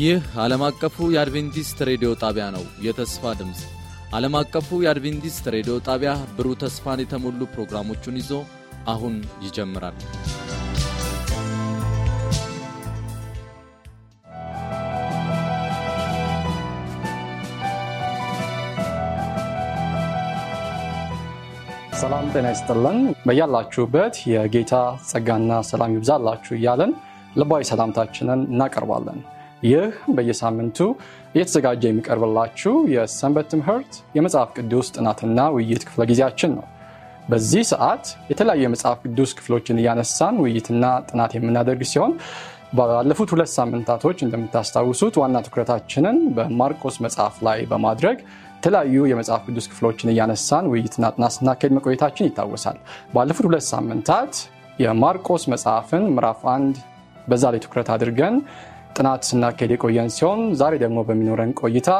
ይህ ዓለም አቀፉ የአድቬንቲስት ሬዲዮ ጣቢያ ነው። የተስፋ ድምፅ ዓለም አቀፉ የአድቬንቲስት ሬዲዮ ጣቢያ ብሩህ ተስፋን የተሞሉ ፕሮግራሞቹን ይዞ አሁን ይጀምራል። ሰላም ጤና ይስጥልን። በያላችሁበት የጌታ ጸጋና ሰላም ይብዛላችሁ እያለን ልባዊ ሰላምታችንን እናቀርባለን። ይህ በየሳምንቱ እየተዘጋጀ የሚቀርብላችሁ የሰንበት ትምህርት የመጽሐፍ ቅዱስ ጥናትና ውይይት ክፍለ ጊዜያችን ነው። በዚህ ሰዓት የተለያዩ የመጽሐፍ ቅዱስ ክፍሎችን እያነሳን ውይይትና ጥናት የምናደርግ ሲሆን ባለፉት ሁለት ሳምንታቶች እንደምታስታውሱት ዋና ትኩረታችንን በማርቆስ መጽሐፍ ላይ በማድረግ የተለያዩ የመጽሐፍ ቅዱስ ክፍሎችን እያነሳን ውይይትና ጥናት ስናካሄድ መቆየታችን ይታወሳል። ባለፉት ሁለት ሳምንታት የማርቆስ መጽሐፍን ምዕራፍ አንድ በዛ ላይ ትኩረት አድርገን ጥናት ስናካሄድ የቆየን ሲሆን ዛሬ ደግሞ በሚኖረን ቆይታ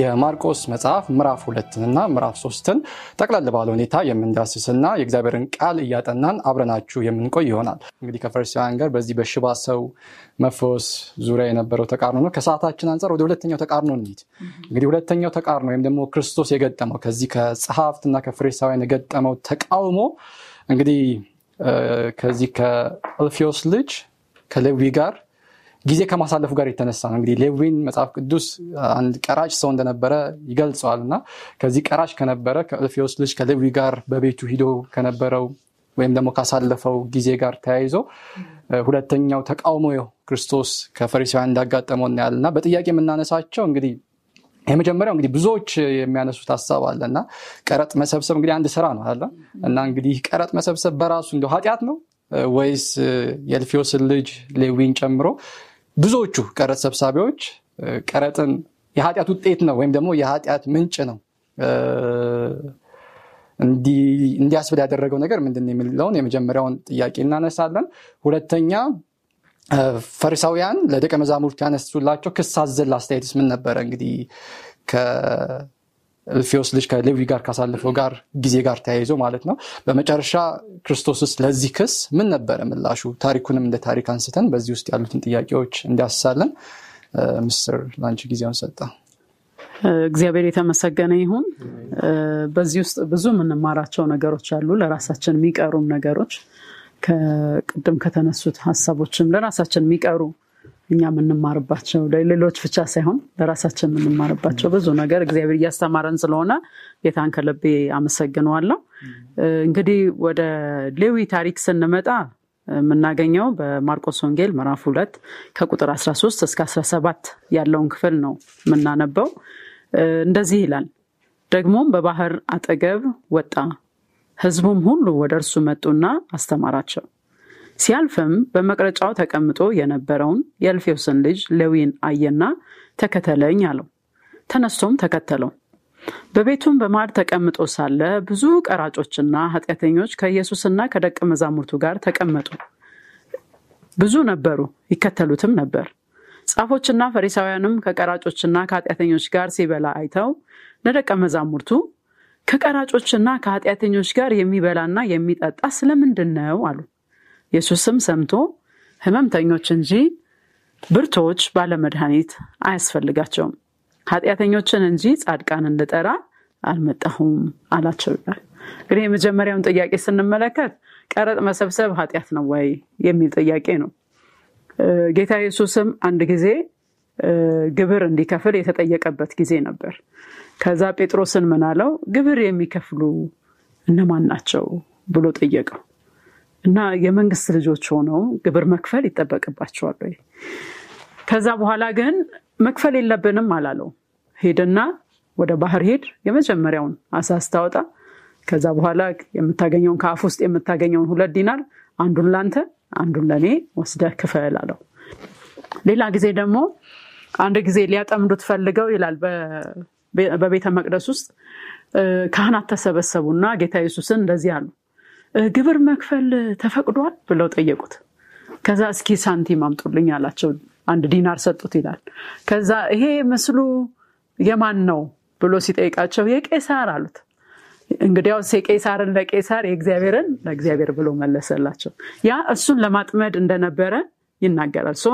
የማርቆስ መጽሐፍ ምዕራፍ ሁለትንና ምዕራፍ ሶስትን ጠቅለል ባለ ሁኔታ የምንዳስስና የእግዚአብሔርን ቃል እያጠናን አብረናችሁ የምንቆይ ይሆናል። እንግዲህ ከፈሪሳውያን ጋር በዚህ በሽባ ሰው መፎስ ዙሪያ የነበረው ተቃርኖ ነው። ከሰዓታችን አንጻር ወደ ሁለተኛው ተቃርኖ እንሂድ። እንግዲህ ሁለተኛው ተቃርኖ ወይም ደግሞ ክርስቶስ የገጠመው ከዚህ ከጸሐፍትና ከፈሪሳውያን የገጠመው ተቃውሞ እንግዲህ ከዚህ ከእልፊዮስ ልጅ ከሌዊ ጋር ጊዜ ከማሳለፉ ጋር የተነሳ ነው። እንግዲህ ሌዊን መጽሐፍ ቅዱስ አንድ ቀራጭ ሰው እንደነበረ ይገልጸዋል እና ከዚህ ቀራጭ ከነበረ ከእልፌዎስ ልጅ ከሌዊ ጋር በቤቱ ሂዶ ከነበረው ወይም ደግሞ ካሳለፈው ጊዜ ጋር ተያይዞ ሁለተኛው ተቃውሞ ክርስቶስ ከፈሪሳውያን እንዳጋጠመው እናያል እና በጥያቄ የምናነሳቸው እንግዲህ የመጀመሪያው እንግዲህ ብዙዎች የሚያነሱት ሀሳብ አለ እና ቀረጥ መሰብሰብ እንግዲህ አንድ ስራ ነው አለ እና እንግዲህ ቀረጥ መሰብሰብ በራሱ እንደ ኃጢአት ነው ወይስ የልፊዮስን ልጅ ሌዊን ጨምሮ ብዙዎቹ ቀረጥ ሰብሳቢዎች ቀረጥን የኃጢአት ውጤት ነው ወይም ደግሞ የኃጢአት ምንጭ ነው እንዲያስብል ያደረገው ነገር ምንድን የሚለውን የመጀመሪያውን ጥያቄ እናነሳለን። ሁለተኛ ፈሪሳውያን ለደቀ መዛሙርት ያነሱላቸው ክስ አዘል አስተያየትስ ምን ነበረ? እንግዲህ ፊዮስ ልጅ ከሌዊ ጋር ካሳለፈው ጋር ጊዜ ጋር ተያይዞ ማለት ነው። በመጨረሻ ክርስቶስስ ለዚህ ክስ ምን ነበረ ምላሹ? ታሪኩንም እንደ ታሪክ አንስተን በዚህ ውስጥ ያሉትን ጥያቄዎች እንዲያስሳለን። ምስር ለአንቺ ጊዜውን ሰጠ። እግዚአብሔር የተመሰገነ ይሁን። በዚህ ውስጥ ብዙ የምንማራቸው ነገሮች አሉ፣ ለራሳችን የሚቀሩም ነገሮች ከቅድም ከተነሱት ሀሳቦችም ለራሳችን የሚቀሩ እኛ የምንማርባቸው ለሌሎች ብቻ ሳይሆን ለራሳችን የምንማርባቸው ብዙ ነገር እግዚአብሔር እያስተማረን ስለሆነ ጌታን ከልቤ አመሰግነዋለሁ። እንግዲህ ወደ ሌዊ ታሪክ ስንመጣ የምናገኘው በማርቆስ ወንጌል ምዕራፍ ሁለት ከቁጥር 13 እስከ 17 ያለውን ክፍል ነው የምናነበው። እንደዚህ ይላል። ደግሞም በባህር አጠገብ ወጣ፣ ህዝቡም ሁሉ ወደ እርሱ መጡና አስተማራቸው። ሲያልፍም በመቅረጫው ተቀምጦ የነበረውን የእልፌዎስን ልጅ ሌዊን አየና ተከተለኝ አለው። ተነስቶም ተከተለው። በቤቱም በማድ ተቀምጦ ሳለ ብዙ ቀራጮችና ኃጢአተኞች ከኢየሱስና ከደቀ መዛሙርቱ ጋር ተቀመጡ። ብዙ ነበሩ፣ ይከተሉትም ነበር። ጻፎችና ፈሪሳውያንም ከቀራጮችና ከኃጢአተኞች ጋር ሲበላ አይተው ለደቀ መዛሙርቱ ከቀራጮችና ከኃጢአተኞች ጋር የሚበላና የሚጠጣ ስለምንድን ነው አሉ። ኢየሱስም ሰምቶ ህመምተኞች እንጂ ብርቶች ባለመድኃኒት አያስፈልጋቸውም፣ ኃጢአተኞችን እንጂ ጻድቃን ልጠራ አልመጣሁም አላቸው ይላል። እንግዲህ የመጀመሪያውን ጥያቄ ስንመለከት ቀረጥ መሰብሰብ ኃጢአት ነው ወይ የሚል ጥያቄ ነው። ጌታ ኢየሱስም አንድ ጊዜ ግብር እንዲከፍል የተጠየቀበት ጊዜ ነበር። ከዛ ጴጥሮስን ምናለው? ግብር የሚከፍሉ እነማን ናቸው ብሎ ጠየቀው። እና የመንግስት ልጆች ሆነው ግብር መክፈል ይጠበቅባቸዋል ወይ? ከዛ በኋላ ግን መክፈል የለብንም አላለው። ሄድና ወደ ባህር ሄድ፣ የመጀመሪያውን አሳ ስታወጣ፣ ከዛ በኋላ የምታገኘውን ከአፍ ውስጥ የምታገኘውን ሁለት ዲናር አንዱን ላንተ አንዱን ለእኔ ወስደህ ክፈል አለው። ሌላ ጊዜ ደግሞ አንድ ጊዜ ሊያጠምዱት ፈልገው ይላል በቤተ መቅደስ ውስጥ ካህናት ተሰበሰቡና ጌታ ኢየሱስን እንደዚህ አሉ ግብር መክፈል ተፈቅዷል ብለው ጠየቁት። ከዛ እስኪ ሳንቲም አምጡልኝ አላቸው። አንድ ዲናር ሰጡት ይላል። ከዛ ይሄ ምስሉ የማን ነው ብሎ ሲጠይቃቸው የቄሳር አሉት። እንግዲያውስ የቄሳርን ለቄሳር የእግዚአብሔርን ለእግዚአብሔር ብሎ መለሰላቸው። ያ እሱን ለማጥመድ እንደነበረ ይናገራል። ሶ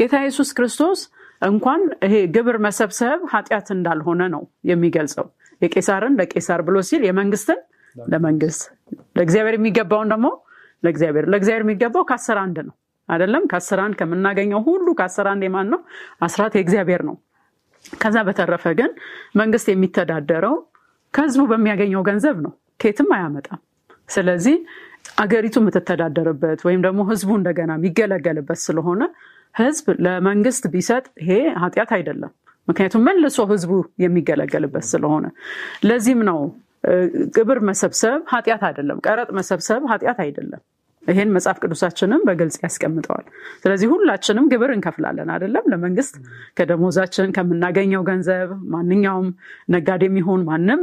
ጌታ ኢየሱስ ክርስቶስ እንኳን ይሄ ግብር መሰብሰብ ኃጢአት እንዳልሆነ ነው የሚገልጸው። የቄሳርን ለቄሳር ብሎ ሲል የመንግስትን ለመንግስት ለእግዚአብሔር የሚገባውን ደግሞ ለእግዚአብሔር ለእግዚአብሔር የሚገባው ከአስር አንድ ነው አይደለም ከአስር አንድ ከምናገኘው ሁሉ ከአስር አንድ የማን ነው አስራት የእግዚአብሔር ነው ከዛ በተረፈ ግን መንግስት የሚተዳደረው ከህዝቡ በሚያገኘው ገንዘብ ነው ኬትም አያመጣም ስለዚህ አገሪቱ የምትተዳደርበት ወይም ደግሞ ህዝቡ እንደገና የሚገለገልበት ስለሆነ ህዝብ ለመንግስት ቢሰጥ ይሄ ኃጢአት አይደለም ምክንያቱም መልሶ ህዝቡ የሚገለገልበት ስለሆነ ለዚህም ነው ግብር መሰብሰብ ኃጢአት አይደለም። ቀረጥ መሰብሰብ ኃጢአት አይደለም። ይሄን መጽሐፍ ቅዱሳችንም በግልጽ ያስቀምጠዋል። ስለዚህ ሁላችንም ግብር እንከፍላለን አይደለም? ለመንግስት ከደሞዛችን ከምናገኘው ገንዘብ ማንኛውም ነጋዴ የሚሆን ማንም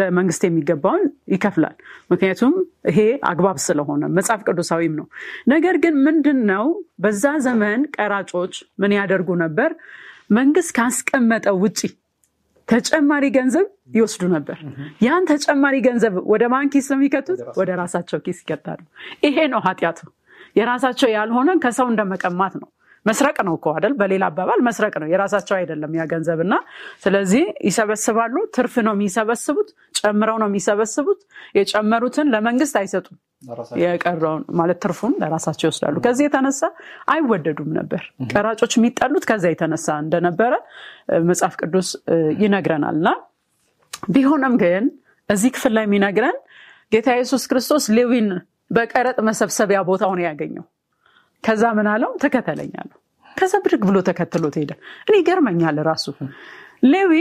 ለመንግስት የሚገባውን ይከፍላል። ምክንያቱም ይሄ አግባብ ስለሆነ መጽሐፍ ቅዱሳዊም ነው። ነገር ግን ምንድን ነው በዛ ዘመን ቀራጮች ምን ያደርጉ ነበር? መንግስት ካስቀመጠው ውጪ ተጨማሪ ገንዘብ ይወስዱ ነበር። ያን ተጨማሪ ገንዘብ ወደ ማን ኪስ ነው የሚከቱት? ወደ ራሳቸው ኪስ ይከታሉ። ይሄ ነው ኃጢአቱ። የራሳቸው ያልሆነ ከሰው እንደመቀማት ነው። መስረቅ ነው እኮ አይደል? በሌላ አባባል መስረቅ ነው። የራሳቸው አይደለም ያ ገንዘብ እና ስለዚህ ይሰበስባሉ። ትርፍ ነው የሚሰበስቡት፣ ጨምረው ነው የሚሰበስቡት። የጨመሩትን ለመንግስት አይሰጡም። የቀረውን ማለት ትርፉን ለራሳቸው ይወስዳሉ። ከዚህ የተነሳ አይወደዱም ነበር። ቀራጮች የሚጠሉት ከዛ የተነሳ እንደነበረ መጽሐፍ ቅዱስ ይነግረናል። እና ቢሆንም ግን እዚህ ክፍል ላይ የሚነግረን ጌታ ኢየሱስ ክርስቶስ ሌዊን በቀረጥ መሰብሰቢያ ቦታውን ያገኘው፣ ከዛ ምን አለው ተከተለኝ አለው። ከዛ ብድግ ብሎ ተከትሎ ሄደ። እኔ ይገርመኛል ራሱ ሌዊ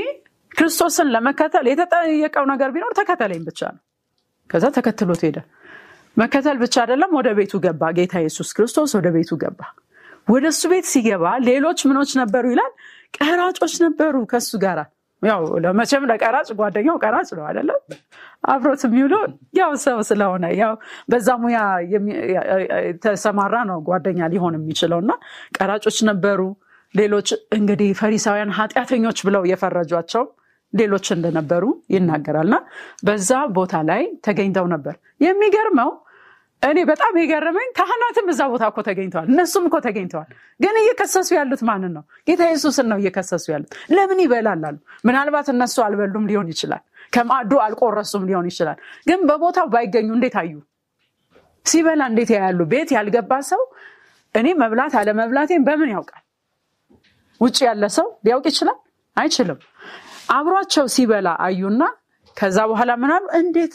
ክርስቶስን ለመከተል የተጠየቀው ነገር ቢኖር ተከተለኝ ብቻ ነው። ከዛ ተከትሎት ሄደ። መከተል ብቻ አይደለም፣ ወደ ቤቱ ገባ። ጌታ ኢየሱስ ክርስቶስ ወደ ቤቱ ገባ። ወደ እሱ ቤት ሲገባ ሌሎች ምኖች ነበሩ ይላል፣ ቀራጮች ነበሩ ከሱ ጋር። ያው ለመቼም ለቀራጭ ጓደኛው ቀራጭ ነው አይደለም፣ አብሮት የሚውሎ ያው ሰው ስለሆነ ያው በዛ ሙያ የተሰማራ ነው ጓደኛ ሊሆን የሚችለው እና ቀራጮች ነበሩ ሌሎች እንግዲህ ፈሪሳውያን ኃጢአተኞች ብለው የፈረጇቸው ሌሎች እንደነበሩ ይናገራልና በዛ ቦታ ላይ ተገኝተው ነበር። የሚገርመው እኔ በጣም የገረመኝ ካህናትም እዛ ቦታ እኮ ተገኝተዋል፣ እነሱም እኮ ተገኝተዋል። ግን እየከሰሱ ያሉት ማንን ነው? ጌታ ኢየሱስን ነው እየከሰሱ ያሉት። ለምን ይበላል አሉ። ምናልባት እነሱ አልበሉም ሊሆን ይችላል፣ ከማዕዱ አልቆረሱም ሊሆን ይችላል። ግን በቦታው ባይገኙ እንዴት አዩ? ሲበላ እንዴት ያያሉ? ቤት ያልገባ ሰው እኔ መብላት አለመብላቴን በምን ያውቃል? ውጭ ያለ ሰው ሊያውቅ ይችላል? አይችልም። አብሯቸው ሲበላ አዩና ከዛ በኋላ ምናሉ እንዴት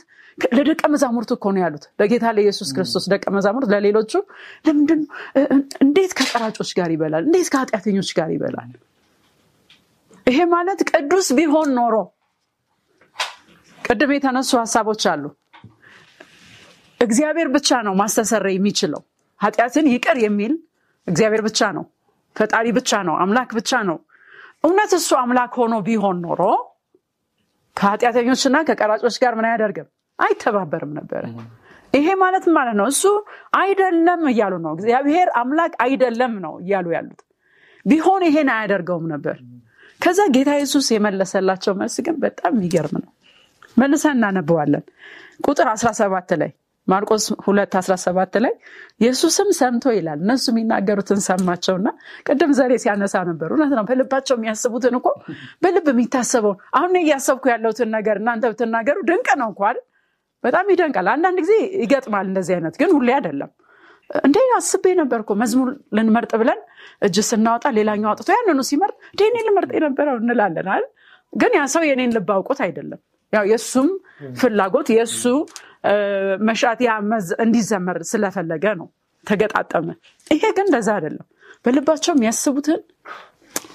ለደቀ መዛሙርት እኮ ነው ያሉት ለጌታ ለኢየሱስ ክርስቶስ ደቀ መዛሙርት ለሌሎቹ ለምንድን እንዴት ከጠራጮች ጋር ይበላል እንዴት ከኃጢአተኞች ጋር ይበላል ይሄ ማለት ቅዱስ ቢሆን ኖሮ ቅድም የተነሱ ሀሳቦች አሉ እግዚአብሔር ብቻ ነው ማስተሰረ የሚችለው ኃጢአትን ይቅር የሚል እግዚአብሔር ብቻ ነው ፈጣሪ ብቻ ነው አምላክ ብቻ ነው እውነት እሱ አምላክ ሆኖ ቢሆን ኖሮ ከኃጢአተኞችና ከቀራጮች ጋር ምን አያደርግም አይተባበርም ነበር ይሄ ማለት ማለት ነው እሱ አይደለም እያሉ ነው እግዚአብሔር አምላክ አይደለም ነው እያሉ ያሉት ቢሆን ይሄን አያደርገውም ነበር ከዛ ጌታ የሱስ የመለሰላቸው መልስ ግን በጣም የሚገርም ነው መልሰን እናነበዋለን ቁጥር 17 ላይ ማርቆስ ሁለት አስራ ሰባት ላይ ኢየሱስም ሰምቶ ይላል። እነሱ የሚናገሩትን ሰማቸውና ቅድም ዘሬ ሲያነሳ ነበሩ። እውነት ነው። በልባቸው የሚያስቡትን እኮ በልብ የሚታሰበውን አሁን እያሰብኩ ያለሁትን ነገር እናንተ ብትናገሩ ድንቅ ነው እንኳ በጣም ይደንቃል። አንዳንድ ጊዜ ይገጥማል እንደዚህ አይነት ግን ሁሌ አይደለም። እንደ አስቤ ነበር እኮ መዝሙር ልንመርጥ ብለን እጅ ስናወጣ ሌላኛው አውጥቶ ያንኑ ሲመርጥ እንደኔ ልመርጥ የነበረው እንላለን አይደል? ግን ያ ሰው የኔን ልብ አውቆት አይደለም ያው የእሱም ፍላጎት የእሱ መሻእትያ እንዲዘመር ስለፈለገ ነው ተገጣጠመ። ይሄ ግን እንደዛ አይደለም። በልባቸው የሚያስቡትን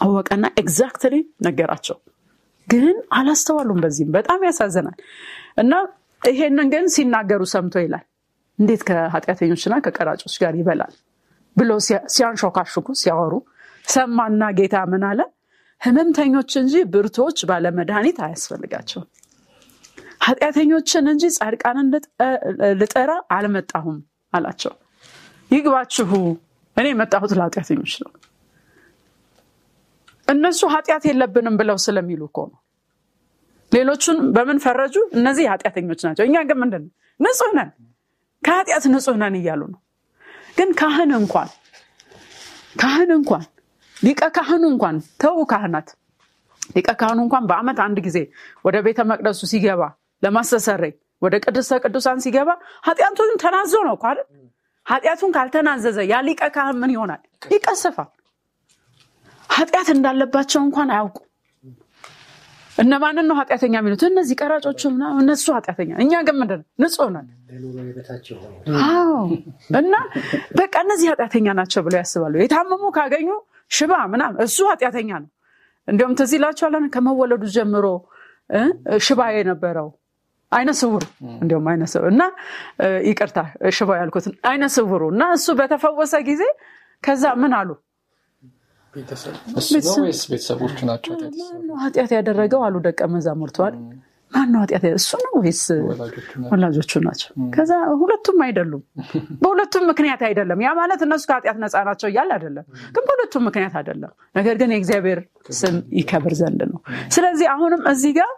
አወቀና ኤግዛክትሊ ነገራቸው። ግን አላስተዋሉም። በዚህም በጣም ያሳዝናል። እና ይሄንን ግን ሲናገሩ ሰምቶ ይላል እንዴት ከኃጢአተኞችና ከቀራጮች ጋር ይበላል ብሎ ሲያንሾካሹኩ ሲያወሩ ሰማና ጌታ ምን አለ? ህመምተኞች እንጂ ብርቶች ባለመድኃኒት አያስፈልጋቸውም። ኃጢአተኞችን እንጂ ጻድቃንን ልጠራ አልመጣሁም አላቸው ይግባችሁ እኔ የመጣሁት ለኃጢአተኞች ነው እነሱ ኃጢአት የለብንም ብለው ስለሚሉ እኮ ነው ሌሎቹን በምን ፈረጁ እነዚህ ኃጢአተኞች ናቸው እኛ ግን ምንድን ንጹህ ነን ከኃጢአት ንጹህ ነን እያሉ ነው ግን ካህን እንኳን ካህን እንኳን ሊቀ ካህኑ እንኳን ተው ካህናት ሊቀ ካህኑ እንኳን በአመት አንድ ጊዜ ወደ ቤተ መቅደሱ ሲገባ ለማስተሰረይ ወደ ቅድስተ ቅዱሳን ሲገባ ኃጢአቱን ተናዞ ነው እኮ አይደል? ኃጢአቱን ካልተናዘዘ ያ ሊቀ ካህን ምን ይሆናል? ይቀስፋል። ኃጢአት እንዳለባቸው እንኳን አያውቁ። እነማንን ነው ኃጢአተኛ የሚሉት? እነዚህ ቀራጮቹ እነሱ ኃጢአተኛ። እኛ ግን ምንድን ነው ንጹህ ነን። እና በቃ እነዚህ ኃጢአተኛ ናቸው ብለው ያስባሉ። የታመሙ ካገኙ ሽባ ምናም እሱ ኃጢአተኛ ነው። እንዲሁም ትዝ ላቸኋለን ከመወለዱ ጀምሮ ሽባ የነበረው አይነ ስውሩ እንዲሁም አይነ ስውሩ እና ይቅርታ ሽባው ያልኩትን አይነ ስውሩ እና እሱ በተፈወሰ ጊዜ ከዛ ምን አሉ ቤተሰቦቹ ናቸው ኃጢአት ያደረገው አሉ ደቀ መዛሙርተዋል ነው ኃጢአት እሱ ነው ወይስ ወላጆቹ ናቸው? ከዛ ሁለቱም አይደሉም። በሁለቱም ምክንያት አይደለም። ያ ማለት እነሱ ከኃጢአት ነፃ ናቸው እያል አይደለም፣ ግን በሁለቱም ምክንያት አይደለም። ነገር ግን የእግዚአብሔር ስም ይከብር ዘንድ ነው። ስለዚህ አሁንም እዚህ ጋር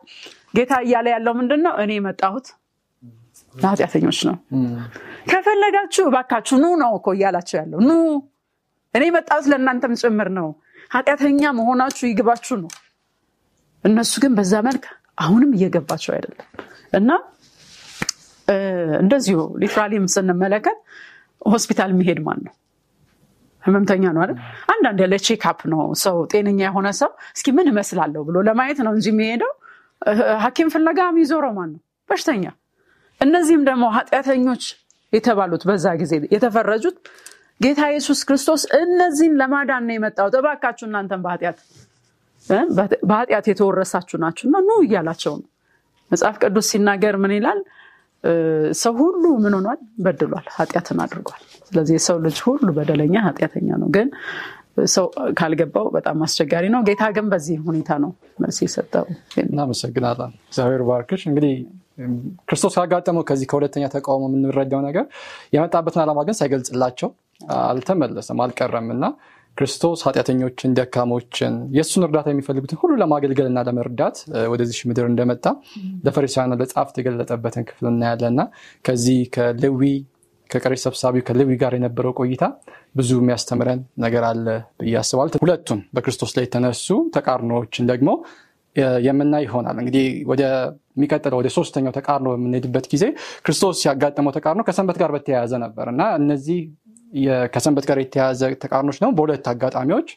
ጌታ እያለ ያለው ምንድን ነው? እኔ የመጣሁት ለኃጢአተኞች ነው። ከፈለጋችሁ እባካችሁ ኑ ነው እኮ እያላቸው ያለው ኑ። እኔ የመጣሁት ለእናንተም ጭምር ነው። ኃጢአተኛ መሆናችሁ ይግባችሁ ነው። እነሱ ግን በዛ መልክ አሁንም እየገባቸው አይደለም እና እንደዚሁ ሊትራሊም ስንመለከት ሆስፒታል የሚሄድ ማን ነው? ህመምተኛ ነው አለ አንዳንድ ለቼክአፕ ነው ሰው ጤነኛ የሆነ ሰው እስኪ ምን እመስላለሁ ብሎ ለማየት ነው እንጂ የሚሄደው ሐኪም ፍለጋ የሚዞረው ማን ነው? በሽተኛ። እነዚህም ደግሞ ኃጢአተኞች የተባሉት በዛ ጊዜ የተፈረጁት ጌታ ኢየሱስ ክርስቶስ እነዚህን ለማዳን ነው የመጣው። እባካችሁ እናንተን በኃጢአት በኃጢአት የተወረሳችሁ ናችሁና ኑ እያላቸው ነው። መጽሐፍ ቅዱስ ሲናገር ምን ይላል? ሰው ሁሉ ምን ሆኗል? በድሏል፣ ኃጢአትን አድርጓል። ስለዚህ የሰው ልጅ ሁሉ በደለኛ ኃጢአተኛ ነው። ግን ሰው ካልገባው በጣም አስቸጋሪ ነው። ጌታ ግን በዚህ ሁኔታ ነው መልስ የሰጠው። እናመሰግናለ እግዚአብሔር ባርክሽ። እንግዲህ ክርስቶስ ካጋጠመው ከዚህ ከሁለተኛ ተቃውሞ የምንረዳው ነገር የመጣበትን ዓላማ ግን ሳይገልጽላቸው አልተመለሰም፣ አልቀረም እና ክርስቶስ ኃጢአተኞችን፣ ደካሞችን፣ የእሱን እርዳታ የሚፈልጉትን ሁሉ ለማገልገልና ለመርዳት ወደዚህ ምድር እንደመጣ ለፈሪሳውያንና ለጻፍት የገለጠበትን ክፍል እና ከዚህ ከልዊ ከቀሪ ሰብሳቢ ከሌዊ ጋር የነበረው ቆይታ ብዙ የሚያስተምረን ነገር አለ ብያስባል አስባለሁ። ሁለቱም በክርስቶስ ላይ የተነሱ ተቃርኖዎችን ደግሞ የምናይ ይሆናል። እንግዲህ ወደሚቀጥለው ወደ ሶስተኛው ተቃርኖ በምንሄድበት ጊዜ ክርስቶስ ያጋጠመው ተቃርኖ ከሰንበት ጋር በተያያዘ ነበር እና እነዚህ ከሰንበት ጋር የተያያዘ ተቃርኖች ደግሞ በሁለት አጋጣሚዎች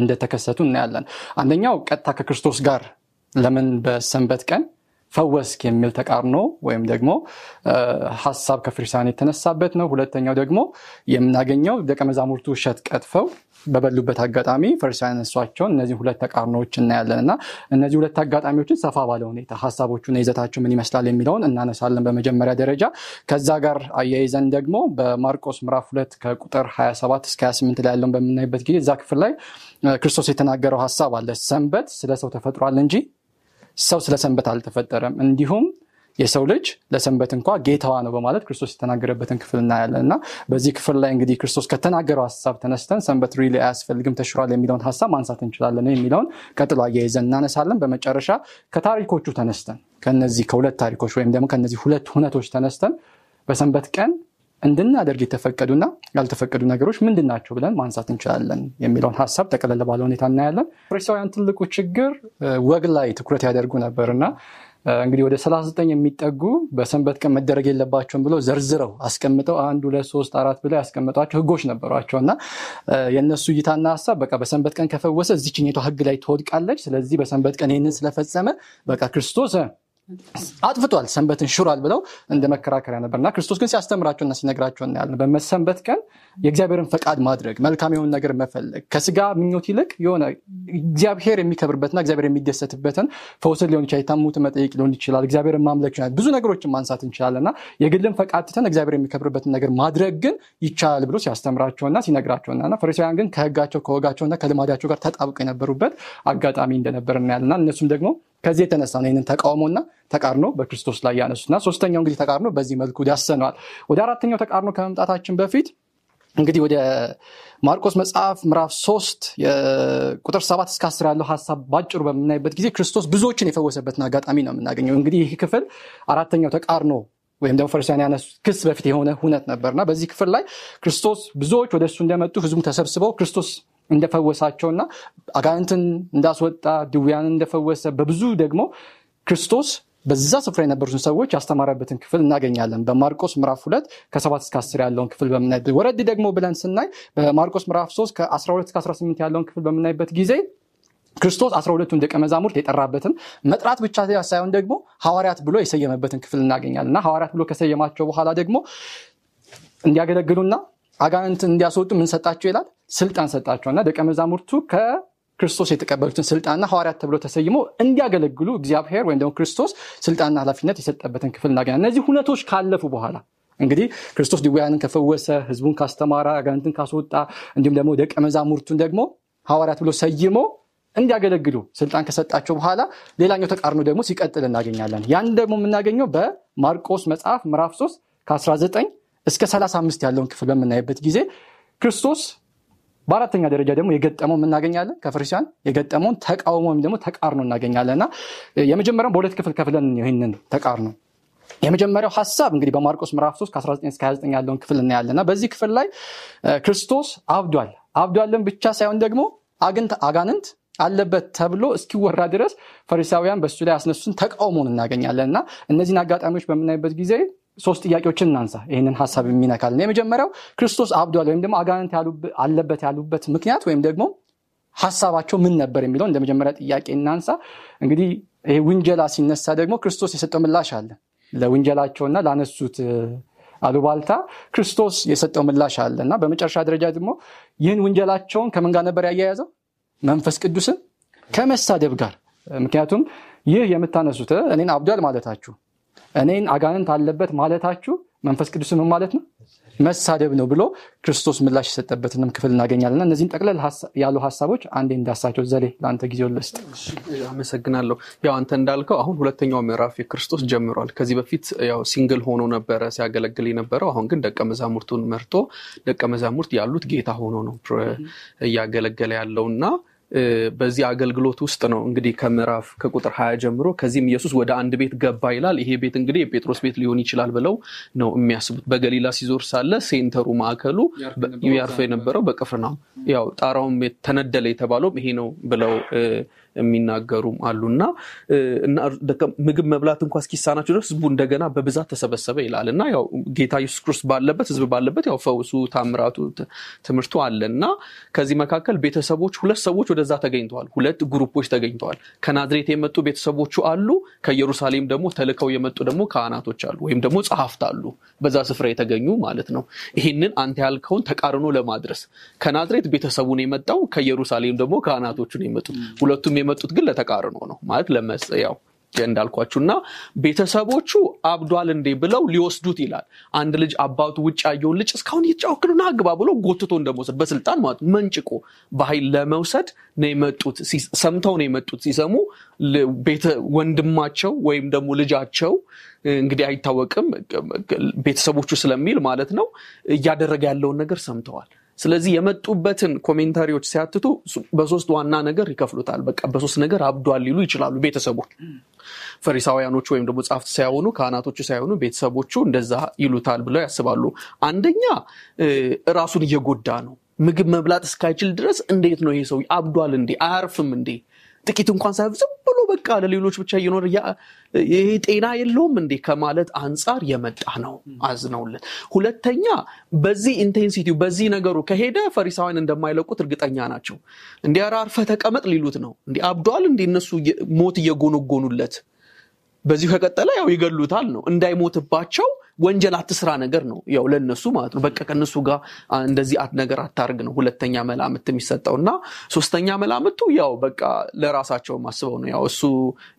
እንደተከሰቱ እናያለን። አንደኛው ቀጥታ ከክርስቶስ ጋር ለምን በሰንበት ቀን ፈወስክ የሚል ተቃርኖ ወይም ደግሞ ሀሳብ ከፍሪሳን የተነሳበት ነው። ሁለተኛው ደግሞ የምናገኘው ደቀ መዛሙርቱ እሸት ቀጥፈው በበሉበት አጋጣሚ ፈሪሳውያን ያነሷቸውን እነዚህ ሁለት ተቃርኖዎች እናያለን እና እነዚህ ሁለት አጋጣሚዎችን ሰፋ ባለ ሁኔታ ሀሳቦቹና ይዘታቸው ምን ይመስላል የሚለውን እናነሳለን በመጀመሪያ ደረጃ። ከዛ ጋር አያይዘን ደግሞ በማርቆስ ምራፍ ሁለት ከቁጥር 27 እስከ 28 ላይ ያለውን በምናይበት ጊዜ እዛ ክፍል ላይ ክርስቶስ የተናገረው ሀሳብ አለ። ሰንበት ስለ ሰው ተፈጥሯል እንጂ ሰው ስለ ሰንበት አልተፈጠረም፣ እንዲሁም የሰው ልጅ ለሰንበት እንኳ ጌታዋ ነው በማለት ክርስቶስ የተናገረበትን ክፍል እናያለን እና በዚህ ክፍል ላይ እንግዲህ ክርስቶስ ከተናገረው ሀሳብ ተነስተን ሰንበት ሪሊ አያስፈልግም ተሽሯል የሚለውን ሀሳብ ማንሳት እንችላለን የሚለውን ቀጥሎ አያይዘን እናነሳለን። በመጨረሻ ከታሪኮቹ ተነስተን ከነዚህ ከሁለት ታሪኮች ወይም ደግሞ ከነዚህ ሁለት ሁነቶች ተነስተን በሰንበት ቀን እንድናደርግ የተፈቀዱና ያልተፈቀዱ ነገሮች ምንድን ናቸው ብለን ማንሳት እንችላለን የሚለውን ሀሳብ ጠቀለል ባለ ሁኔታ እናያለን። ፈሪሳውያን ትልቁ ችግር ወግ ላይ ትኩረት ያደርጉ ነበር እና እንግዲህ ወደ 39 የሚጠጉ በሰንበት ቀን መደረግ የለባቸውም ብለው ዘርዝረው አስቀምጠው አንድ ሁለት ሶስት አራት ብለው ያስቀምጧቸው ህጎች ነበሯቸው እና የእነሱ እይታና ሀሳብ በቃ በሰንበት ቀን ከፈወሰ እዚችኛዋ ህግ ላይ ትወድቃለች። ስለዚህ በሰንበት ቀን ይህንን ስለፈጸመ በቃ ክርስቶስ አጥፍቷል፣ ሰንበትን ሽሯል ብለው እንደ መከራከሪያ ነበርና ክርስቶስ ግን ሲያስተምራቸውና ሲነግራቸው እናያለን። በመሰንበት ቀን የእግዚአብሔርን ፈቃድ ማድረግ፣ መልካም የሆን ነገር መፈለግ፣ ከስጋ ምኞት ይልቅ የሆነ እግዚአብሔር የሚከብርበትና እግዚአብሔር የሚደሰትበትን ፈውስን ሊሆን ይችላል፣ የታሙት መጠየቅ ሊሆን ይችላል፣ እግዚአብሔር ማምለክ ይችላል። ብዙ ነገሮችን ማንሳት እንችላለንና የግልን ፈቃድ ትተን እግዚአብሔር የሚከብርበትን ነገር ማድረግ ግን ይቻላል ብሎ ሲያስተምራቸውና ሲነግራቸውና ፈሪሳውያን ግን ከህጋቸው ከወጋቸውና ከልማዳቸው ጋር ተጣብቀው የነበሩበት አጋጣሚ እንደነበር እናያለና እነሱም ደግሞ ከዚህ የተነሳ ነው ይህንን ተቃውሞና ተቃርኖ በክርስቶስ ላይ ያነሱና ሶስተኛው እንግዲህ ተቃርኖ በዚህ መልኩ ያሰነዋል። ወደ አራተኛው ተቃርኖ ከመምጣታችን በፊት እንግዲህ ወደ ማርቆስ መጽሐፍ ምዕራፍ ሶስት ቁጥር ሰባት እስከ አስር ያለው ሀሳብ ባጭሩ በምናይበት ጊዜ ክርስቶስ ብዙዎችን የፈወሰበትን አጋጣሚ ነው የምናገኘው። እንግዲህ ይህ ክፍል አራተኛው ተቃርኖ ወይም ደግሞ ፈሪሳውያን ያነሱት ክስ በፊት የሆነ ሁነት ነበርና በዚህ ክፍል ላይ ክርስቶስ ብዙዎች ወደ እሱ እንደመጡ ህዝቡ ተሰብስበው ክርስቶስ እንደፈወሳቸውና አጋንንትን እንዳስወጣ ድውያንን እንደፈወሰ በብዙ ደግሞ ክርስቶስ በዛ ስፍራ የነበሩትን ሰዎች ያስተማረበትን ክፍል እናገኛለን። በማርቆስ ምዕራፍ ሁለት ከሰባት እስከ አስር ያለውን ክፍል በምናይበት ወረድ ደግሞ ብለን ስናይ በማርቆስ ምራፍ ሶስት ከአስራ ሁለት እስከ አስራ ስምንት ያለውን ክፍል በምናይበት ጊዜ ክርስቶስ አስራ ሁለቱን ደቀ መዛሙርት የጠራበትን መጥራት ብቻ ሳይሆን ደግሞ ሐዋርያት ብሎ የሰየመበትን ክፍል እናገኛለን እና ሐዋርያት ብሎ ከሰየማቸው በኋላ ደግሞ እንዲያገለግሉና አጋንንት እንዲያስወጡ ምን ሰጣቸው ይላል? ስልጣን ሰጣቸው እና ደቀ መዛሙርቱ ክርስቶስ የተቀበሉትን ስልጣንና ሐዋርያት ተብሎ ተሰይሞ እንዲያገለግሉ እግዚአብሔር ወይም ደግሞ ክርስቶስ ስልጣንና ኃላፊነት የሰጠበትን ክፍል እናገኛ እነዚህ ሁነቶች ካለፉ በኋላ እንግዲህ ክርስቶስ ድውያንን ከፈወሰ፣ ህዝቡን ካስተማረ፣ አጋንንትን ካስወጣ፣ እንዲሁም ደግሞ ደቀ መዛሙርቱን ደግሞ ሐዋርያት ብሎ ሰይሞ እንዲያገለግሉ ስልጣን ከሰጣቸው በኋላ ሌላኛው ተቃርኖ ደግሞ ሲቀጥል እናገኛለን። ያን ደግሞ የምናገኘው በማርቆስ መጽሐፍ ምዕራፍ 3 ከ19 እስከ 35 ያለውን ክፍል በምናይበት ጊዜ ክርስቶስ በአራተኛ ደረጃ ደግሞ የገጠመው እናገኛለን ከፈሪሳውያን የገጠመውን ተቃውሞ ወይም ደግሞ ተቃርኖ እናገኛለን እና የመጀመሪያው በሁለት ክፍል ከፍለን ይህንን ተቃርኖ የመጀመሪያው ሀሳብ እንግዲህ በማርቆስ ምዕራፍ 3 ከ19 እስከ 29 ያለውን ክፍል እናያለን እና በዚህ ክፍል ላይ ክርስቶስ አብዷል አብዷለን ብቻ ሳይሆን ደግሞ አጋንንት አለበት ተብሎ እስኪወራ ድረስ ፈሪሳውያን በሱ ላይ አስነሱን ተቃውሞን እናገኛለን እና እነዚህን አጋጣሚዎች በምናይበት ጊዜ ሶስት ጥያቄዎችን እናንሳ ይህንን ሀሳብ የሚነካልን። የመጀመሪያው ክርስቶስ አብዷል ወይም ደግሞ አጋንንት አለበት ያሉበት ምክንያት ወይም ደግሞ ሀሳባቸው ምን ነበር የሚለውን እንደ መጀመሪያ ጥያቄ እናንሳ። እንግዲህ ይሄ ውንጀላ ሲነሳ ደግሞ ክርስቶስ የሰጠው ምላሽ አለ። ለውንጀላቸውና ላነሱት አሉባልታ ክርስቶስ የሰጠው ምላሽ አለ እና በመጨረሻ ደረጃ ደግሞ ይህን ውንጀላቸውን ከምን ጋር ነበር ያያያዘው? መንፈስ ቅዱስን ከመሳደብ ጋር። ምክንያቱም ይህ የምታነሱት እኔን አብዷል ማለታችሁ እኔን አጋንንት አለበት ማለታችሁ መንፈስ ቅዱስ ምን ማለት ነው? መሳደብ ነው ብሎ ክርስቶስ ምላሽ የሰጠበትንም ክፍል እናገኛለንና እነዚህም ጠቅለል ያሉ ሀሳቦች አንዴ እንዳሳቸው ዘሌ ለአንተ ጊዜ ልስጥ። አመሰግናለሁ። ያው አንተ እንዳልከው አሁን ሁለተኛው ምዕራፍ የክርስቶስ ጀምሯል። ከዚህ በፊት ያው ሲንግል ሆኖ ነበረ ሲያገለግል የነበረው። አሁን ግን ደቀ መዛሙርቱን መርቶ ደቀ መዛሙርት ያሉት ጌታ ሆኖ ነው እያገለገለ ያለው እና በዚህ አገልግሎት ውስጥ ነው እንግዲህ ከምዕራፍ ከቁጥር ሀያ ጀምሮ ከዚህም ኢየሱስ ወደ አንድ ቤት ገባ ይላል። ይሄ ቤት እንግዲህ የጴጥሮስ ቤት ሊሆን ይችላል ብለው ነው የሚያስቡት። በገሊላ ሲዞር ሳለ ሴንተሩ ማዕከሉ ያርፈ የነበረው በቅፍርናሆም ያው ጣራውም ተነደለ የተባለውም ይሄ ነው ብለው የሚናገሩም አሉና እና ምግብ መብላት እንኳ እስኪሳናቸው ድረስ ህዝቡ እንደገና በብዛት ተሰበሰበ ይላል እና ያው ጌታ ኢየሱስ ክርስቶስ ባለበት ህዝብ ባለበት ያው ፈውሱ፣ ታምራቱ፣ ትምህርቱ አለ እና ከዚህ መካከል ቤተሰቦች ሁለት ሰዎች ወደዛ ተገኝተዋል። ሁለት ግሩፖች ተገኝተዋል። ከናዝሬት የመጡ ቤተሰቦቹ አሉ። ከኢየሩሳሌም ደግሞ ተልከው የመጡ ደግሞ ካህናቶች አሉ ወይም ደግሞ ጸሐፍት አሉ በዛ ስፍራ የተገኙ ማለት ነው። ይህንን አንተ ያልከውን ተቃርኖ ለማድረስ ከናዝሬት ቤተሰቡን የመጣው ከኢየሩሳሌም ደግሞ ካህናቶቹን የመጡት ሁለቱም የመጡት ግን ለተቃርኖ ነው ማለት ለመስያው እንዳልኳችሁ እና ቤተሰቦቹ አብዷል እንዴ ብለው ሊወስዱት ይላል። አንድ ልጅ አባቱ ውጭ ያየውን ልጅ እስካሁን እየተጫወክሉና አግባ ብሎ ጎትቶ እንደመውሰድ በስልጣን ማለት መንጭቆ በኃይል ለመውሰድ ነው የመጡት። ሰምተው ነው የመጡት። ሲሰሙ ወንድማቸው ወይም ደግሞ ልጃቸው እንግዲህ አይታወቅም ቤተሰቦቹ ስለሚል ማለት ነው እያደረገ ያለውን ነገር ሰምተዋል። ስለዚህ የመጡበትን ኮሜንታሪዎች ሲያትቱ በሶስት ዋና ነገር ይከፍሉታል። በቃ በሶስት ነገር አብዷል ሊሉ ይችላሉ ቤተሰቦች። ፈሪሳውያኖቹ ወይም ደግሞ ጻፍት ሳይሆኑ ካህናቶቹ ሳይሆኑ ቤተሰቦቹ እንደዛ ይሉታል ብለው ያስባሉ። አንደኛ ራሱን እየጎዳ ነው ምግብ መብላት እስካይችል ድረስ እንዴት ነው ይሄ ሰው አብዷል እንዴ? አያርፍም እንዴ? ጥቂት እንኳን ሳይሆን ዝም ብሎ በቃ ለሌሎች ብቻ እየኖር ይሄ ጤና የለውም እንዴ ከማለት አንጻር የመጣ ነው። አዝነውለት። ሁለተኛ በዚህ ኢንቴንሲቲ በዚህ ነገሩ ከሄደ ፈሪሳውያን እንደማይለቁት እርግጠኛ ናቸው። እንዲ ኧረ ተቀመጥ ሊሉት ነው። እንዲ አብዷል እንዲ እነሱ ሞት እየጎነጎኑለት በዚሁ ከቀጠለ ያው ይገሉታል ነው እንዳይሞትባቸው ወንጀል አትስራ ነገር ነው ያው ለነሱ ማለት ነው። በቃ ከነሱ ጋር እንደዚህ አት ነገር አታርግ ነው ሁለተኛ መላምት የሚሰጠው እና ሶስተኛ መላምቱ ያው በቃ ለራሳቸው ማስበው ነው ያው እሱ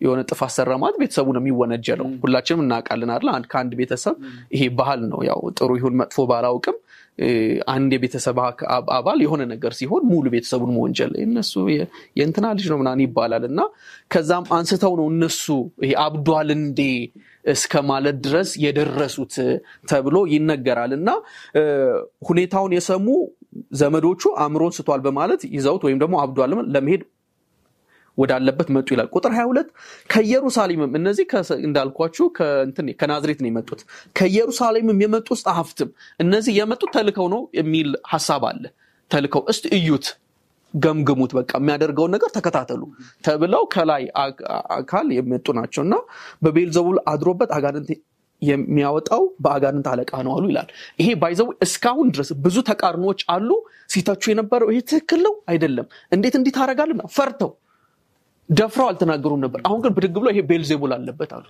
የሆነ ጥፋት ሰራ ማለት ቤተሰቡ ነው የሚወነጀለው። ሁላችንም እናውቃለን አይደል? ከአንድ ቤተሰብ ይሄ ባህል ነው ያው ጥሩ ይሁን መጥፎ ባላውቅም አንድ የቤተሰብ አባል የሆነ ነገር ሲሆን ሙሉ ቤተሰቡን መወንጀል እነሱ የእንትና ልጅ ነው ምናን ይባላል እና ከዛም አንስተው ነው እነሱ አብዷል እንዴ እስከ ማለት ድረስ የደረሱት ተብሎ ይነገራል እና ሁኔታውን የሰሙ ዘመዶቹ አእምሮን ስቷል በማለት ይዘውት ወይም ደግሞ አብዷል ለመሄድ ወዳለበት መጡ ይላል። ቁጥር 22 ከኢየሩሳሌምም እነዚህ እንዳልኳችሁ ከናዝሬት ነው የመጡት። ከኢየሩሳሌምም የመጡ ጸሐፍትም እነዚህ የመጡት ተልከው ነው የሚል ሀሳብ አለ። ተልከው እስቲ እዩት፣ ገምግሙት፣ በቃ የሚያደርገውን ነገር ተከታተሉ ተብለው ከላይ አካል የመጡ ናቸው እና በቤልዘቡል አድሮበት አጋንንት የሚያወጣው በአጋንንት አለቃ ነው አሉ ይላል። ይሄ ባይዘው እስካሁን ድረስ ብዙ ተቃርኖዎች አሉ። ሲተቹ የነበረው ይሄ ትክክል ነው አይደለም፣ እንዴት እንዲህ ታደርጋልና ፈርተው ደፍረው አልተናገሩም ነበር። አሁን ግን ብድግ ብሎ ይሄ ቤልዜቡል አለበት አሉ።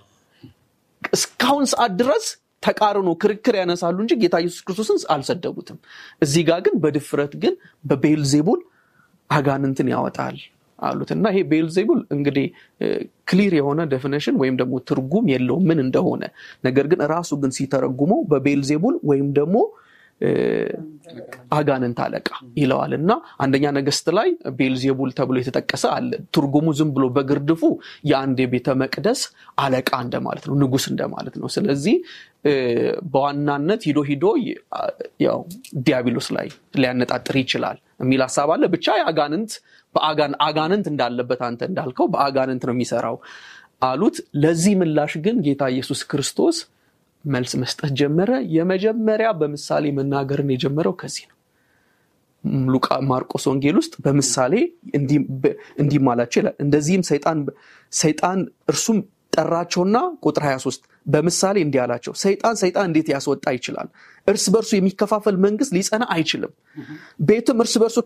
እስካሁን ሰዓት ድረስ ተቃርኖ ክርክር ያነሳሉ እንጂ ጌታ ኢየሱስ ክርስቶስን አልሰደቡትም። እዚህ ጋር ግን በድፍረት ግን በቤልዜቡል አጋንንትን ያወጣል አሉት እና ይሄ ቤልዜቡል እንግዲህ ክሊር የሆነ ደፊኒሽን ወይም ደግሞ ትርጉም የለው ምን እንደሆነ። ነገር ግን ራሱ ግን ሲተረጉመው በቤልዜቡል ወይም ደግሞ አጋንንት አለቃ ይለዋል እና አንደኛ ነገስት ላይ ቤልዜቡል ተብሎ የተጠቀሰ አለ። ትርጉሙ ዝም ብሎ በግርድፉ የአንድ የቤተ መቅደስ አለቃ እንደማለት ነው፣ ንጉስ እንደማለት ነው። ስለዚህ በዋናነት ሂዶ ሂዶ ያው ዲያብሎስ ላይ ሊያነጣጥር ይችላል የሚል ሀሳብ አለ። ብቻ የአጋንንት አጋንንት እንዳለበት አንተ እንዳልከው በአጋንንት ነው የሚሰራው አሉት። ለዚህ ምላሽ ግን ጌታ ኢየሱስ ክርስቶስ መልስ መስጠት ጀመረ። የመጀመሪያ በምሳሌ መናገርን የጀመረው ከዚህ ነው። ሉቃ ማርቆስ ወንጌል ውስጥ በምሳሌ እንዲህ ማላቸው ይላል። እንደዚህም ሰይጣን እርሱም ጠራቸውና ቁጥር 23 በምሳሌ እንዲህ አላቸው፣ ሰይጣን ሰይጣን እንዴት ያስወጣ ይችላል? እርስ በርሱ የሚከፋፈል መንግስት ሊጸና አይችልም። ቤትም እርስ በርሱ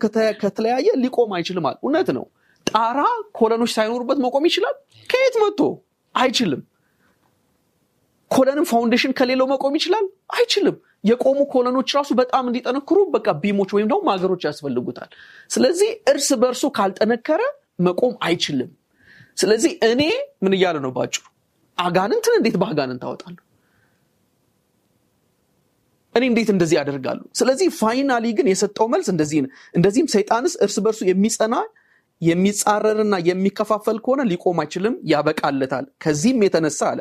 ከተለያየ ሊቆም አይችልም አል እውነት ነው። ጣራ ኮለኖች ሳይኖሩበት መቆም ይችላል? ከየት መጥቶ አይችልም። ኮለንም ፋውንዴሽን ከሌለው መቆም ይችላል አይችልም። የቆሙ ኮለኖች ራሱ በጣም እንዲጠነክሩ በቃ ቢሞች ወይም ደግሞ ማገሮች ያስፈልጉታል። ስለዚህ እርስ በእርሱ ካልጠነከረ መቆም አይችልም። ስለዚህ እኔ ምን እያለ ነው ባጭሩ? አጋንንትን እንዴት በአጋንን ታወጣሉ እኔ እንዴት እንደዚህ ያደርጋሉ? ስለዚህ ፋይናሊ ግን የሰጠው መልስ እንደዚህ ነው። እንደዚህም ሰይጣንስ እርስ በርሱ የሚጸና የሚጻረርና የሚከፋፈል ከሆነ ሊቆም አይችልም፣ ያበቃለታል። ከዚህም የተነሳ አለ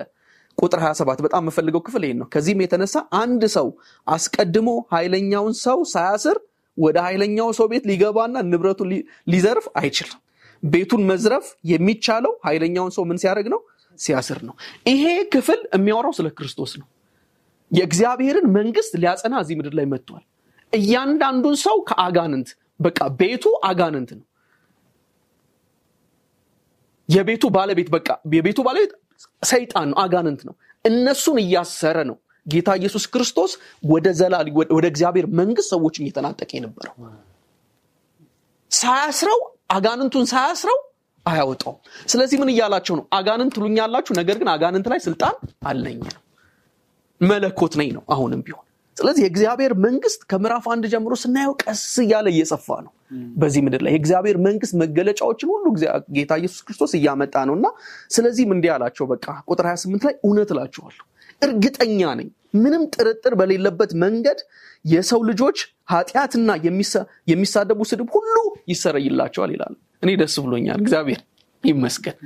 ቁጥር 27 በጣም የምፈልገው ክፍል ይሄን ነው። ከዚህም የተነሳ አንድ ሰው አስቀድሞ ኃይለኛውን ሰው ሳያስር ወደ ኃይለኛው ሰው ቤት ሊገባና ንብረቱን ሊዘርፍ አይችልም። ቤቱን መዝረፍ የሚቻለው ኃይለኛውን ሰው ምን ሲያደርግ ነው? ሲያስር ነው። ይሄ ክፍል የሚያወራው ስለ ክርስቶስ ነው። የእግዚአብሔርን መንግስት ሊያጸና እዚህ ምድር ላይ መጥቷል። እያንዳንዱን ሰው ከአጋንንት በቃ ቤቱ አጋንንት ነው። የቤቱ ባለቤት በቃ የቤቱ ባለቤት ሰይጣን ነው፣ አጋንንት ነው። እነሱን እያሰረ ነው ጌታ ኢየሱስ ክርስቶስ ወደ ዘላል ወደ እግዚአብሔር መንግስት ሰዎች እየተናጠቀ የነበረው ሳያስረው አጋንንቱን ሳያስረው አያወጣውም። ስለዚህ ምን እያላቸው ነው? አጋንንት ትሉኛላችሁ፣ ነገር ግን አጋንንት ላይ ስልጣን አለኝ ነው። መለኮት ነኝ ነው አሁንም ቢሆን ስለዚህ የእግዚአብሔር መንግስት ከምዕራፍ አንድ ጀምሮ ስናየው ቀስ እያለ እየሰፋ ነው በዚህ ምድር ላይ የእግዚአብሔር መንግስት መገለጫዎችን ሁሉ ጌታ ኢየሱስ ክርስቶስ እያመጣ ነው እና ስለዚህም እንዲህ አላቸው በቃ ቁጥር 28 ላይ እውነት እላችኋለሁ እርግጠኛ ነኝ ምንም ጥርጥር በሌለበት መንገድ የሰው ልጆች ኃጢአትና የሚሳደቡ ስድብ ሁሉ ይሰረይላቸዋል ይላል እኔ ደስ ብሎኛል እግዚአብሔር ይመስገን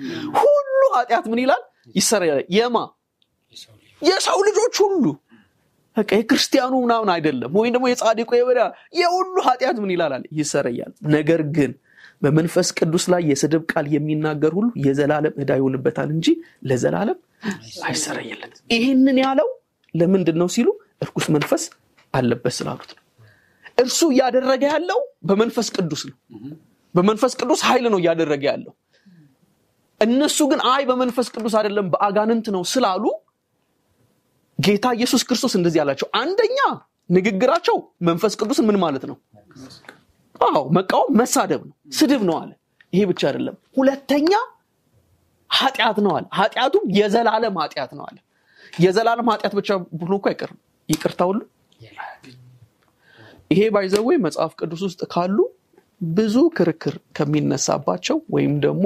ሁሉ ኃጢአት ምን ይላል ይሰረ የማ የሰው ልጆች ሁሉ በቃ የክርስቲያኑ ምናምን አይደለም ወይም ደግሞ የጻድቁ የበዳ የሁሉ ኃጢአት ምን ይላላል ይሰረያል። ነገር ግን በመንፈስ ቅዱስ ላይ የስድብ ቃል የሚናገር ሁሉ የዘላለም እዳ ይሆንበታል እንጂ ለዘላለም አይሰረይለት። ይህንን ያለው ለምንድን ነው ሲሉ እርኩስ መንፈስ አለበት ስላሉት ነው። እርሱ እያደረገ ያለው በመንፈስ ቅዱስ ነው። በመንፈስ ቅዱስ ኃይል ነው እያደረገ ያለው። እነሱ ግን አይ በመንፈስ ቅዱስ አይደለም በአጋንንት ነው ስላሉ ጌታ ኢየሱስ ክርስቶስ እንደዚህ ያላቸው አንደኛ ንግግራቸው መንፈስ ቅዱስን ምን ማለት ነው? አዎ መቃወም መሳደብ ነው፣ ስድብ ነው አለ። ይሄ ብቻ አይደለም። ሁለተኛ ኃጢአት ነው አለ። ኃጢአቱም የዘላለም ኃጢአት ነው አለ። የዘላለም ኃጢአት ብቻ ብሎ እኮ አይቀርም፣ ይቅርታ ሁሉ ይሄ ባይዘዌ መጽሐፍ ቅዱስ ውስጥ ካሉ ብዙ ክርክር ከሚነሳባቸው ወይም ደግሞ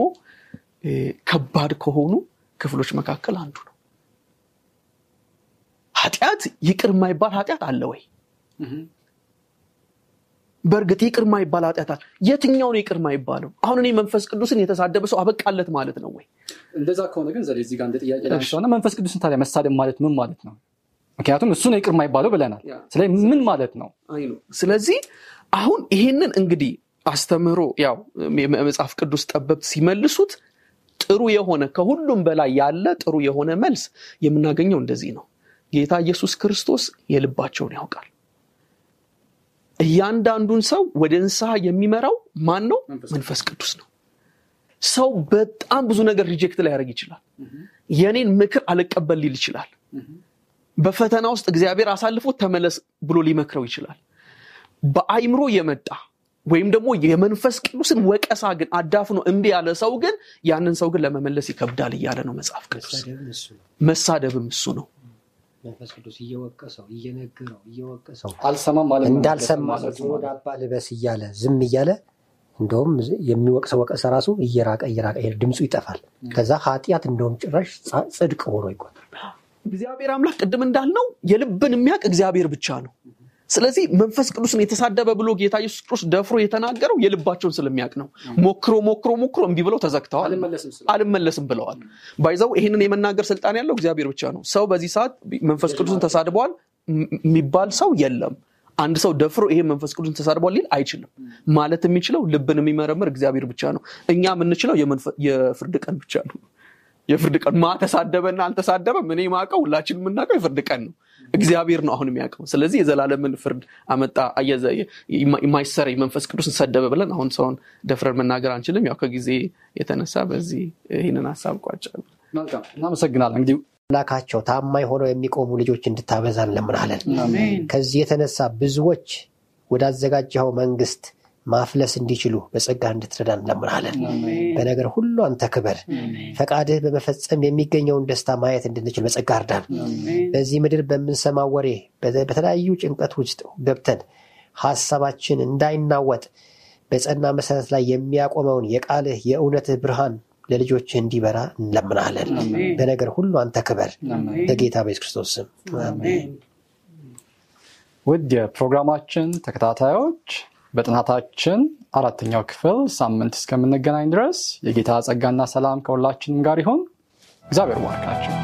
ከባድ ከሆኑ ክፍሎች መካከል አንዱ ነው። ኃጢአት ይቅር የማይባል ኃጢአት አለ ወይ? በእርግጥ ይቅር የማይባል ኃጢአት አለ። የትኛው ነው ይቅር የማይባለው? አሁን እኔ መንፈስ ቅዱስን የተሳደበ ሰው አበቃለት ማለት ነው ወይ? እንደዛ ከሆነ ግን ዘዴ እዚህ ጋር እንደ መንፈስ ቅዱስን ታዲያ መሳደብ ማለት ምን ማለት ነው? ምክንያቱም እሱ ነው ይቅር የማይባለው ብለናል። ስለዚህ ምን ማለት ነው? ስለዚህ አሁን ይሄንን እንግዲህ አስተምህሮ ያው የመጽሐፍ ቅዱስ ጠበብት ሲመልሱት ጥሩ የሆነ ከሁሉም በላይ ያለ ጥሩ የሆነ መልስ የምናገኘው እንደዚህ ነው። ጌታ ኢየሱስ ክርስቶስ የልባቸውን ያውቃል እያንዳንዱን ሰው ወደ እንስሐ የሚመራው ማን ነው መንፈስ ቅዱስ ነው ሰው በጣም ብዙ ነገር ሪጀክት ሊያደርግ ይችላል የኔን ምክር አልቀበል ሊል ይችላል በፈተና ውስጥ እግዚአብሔር አሳልፎ ተመለስ ብሎ ሊመክረው ይችላል በአይምሮ የመጣ ወይም ደግሞ የመንፈስ ቅዱስን ወቀሳ ግን አዳፍኖ እምቢ ያለ ሰው ግን ያንን ሰው ግን ለመመለስ ይከብዳል እያለ ነው መጽሐፍ ቅዱስ መሳደብም እሱ ነው መንፈስ ቅዱስ እየወቀሰው እየነገረው እየወቀሰው አልሰማም ማለት እንዳልሰማ ወደ አባ ልበስ እያለ ዝም እያለ እንደውም የሚወቅሰው ወቀሰ ራሱ እየራቀ እየራቀ ድምፁ ይጠፋል። ከዛ ኃጢአት እንደውም ጭራሽ ጽድቅ ሆኖ ይቆጠራል። እግዚአብሔር አምላክ ቅድም እንዳልነው የልብን የሚያውቅ እግዚአብሔር ብቻ ነው። ስለዚህ መንፈስ ቅዱስን የተሳደበ ብሎ ጌታ ኢየሱስ ክርስቶስ ደፍሮ የተናገረው የልባቸውን ስለሚያውቅ ነው። ሞክሮ ሞክሮ ሞክሮ እንቢ ብለው ተዘግተዋል፣ አልመለስም ብለዋል። ባይዘው ይህንን የመናገር ስልጣን ያለው እግዚአብሔር ብቻ ነው። ሰው በዚህ ሰዓት መንፈስ ቅዱስን ተሳድበዋል የሚባል ሰው የለም። አንድ ሰው ደፍሮ ይሄ መንፈስ ቅዱስን ተሳድቧል ሊል አይችልም። ማለት የሚችለው ልብን የሚመረምር እግዚአብሔር ብቻ ነው። እኛ የምንችለው የፍርድ ቀን ብቻ ነው። የፍርድ ቀን ማ ተሳደበና አልተሳደበም እኔ ማቀው ሁላችን የምናውቀው የፍርድ ቀን ነው። እግዚአብሔር ነው አሁን የሚያውቀው። ስለዚህ የዘላለምን ፍርድ አመጣ የማይሰረይ መንፈስ ቅዱስ ሰደበ ብለን አሁን ሰውን ደፍረን መናገር አንችልም። ያው ከጊዜ የተነሳ በዚህ ይህንን ሀሳብ ቋጫል። እናመሰግናለን። እንግዲህ ላካቸው ታማኝ ሆነው የሚቆሙ ልጆች እንድታበዛ እንለምናለን። ከዚህ የተነሳ ብዙዎች ወዳዘጋጀኸው መንግስት ማፍለስ እንዲችሉ በጸጋ እንድትረዳ እንለምናለን። በነገር ሁሉ አንተ ክበር። ፈቃድህ በመፈጸም የሚገኘውን ደስታ ማየት እንድንችል በጸጋ እርዳን። በዚህ ምድር በምንሰማ ወሬ፣ በተለያዩ ጭንቀት ውስጥ ገብተን ሀሳባችን እንዳይናወጥ በጸና መሰረት ላይ የሚያቆመውን የቃልህ የእውነትህ ብርሃን ለልጆች እንዲበራ እንለምናለን። በነገር ሁሉ አንተ ክበር፣ በጌታ በኢየሱስ ክርስቶስ ስም ውድ የፕሮግራማችን ተከታታዮች በጥናታችን አራተኛው ክፍል ሳምንት እስከምንገናኝ ድረስ የጌታ ጸጋና ሰላም ከሁላችንም ጋር ይሁን። እግዚአብሔር ዋርካቸው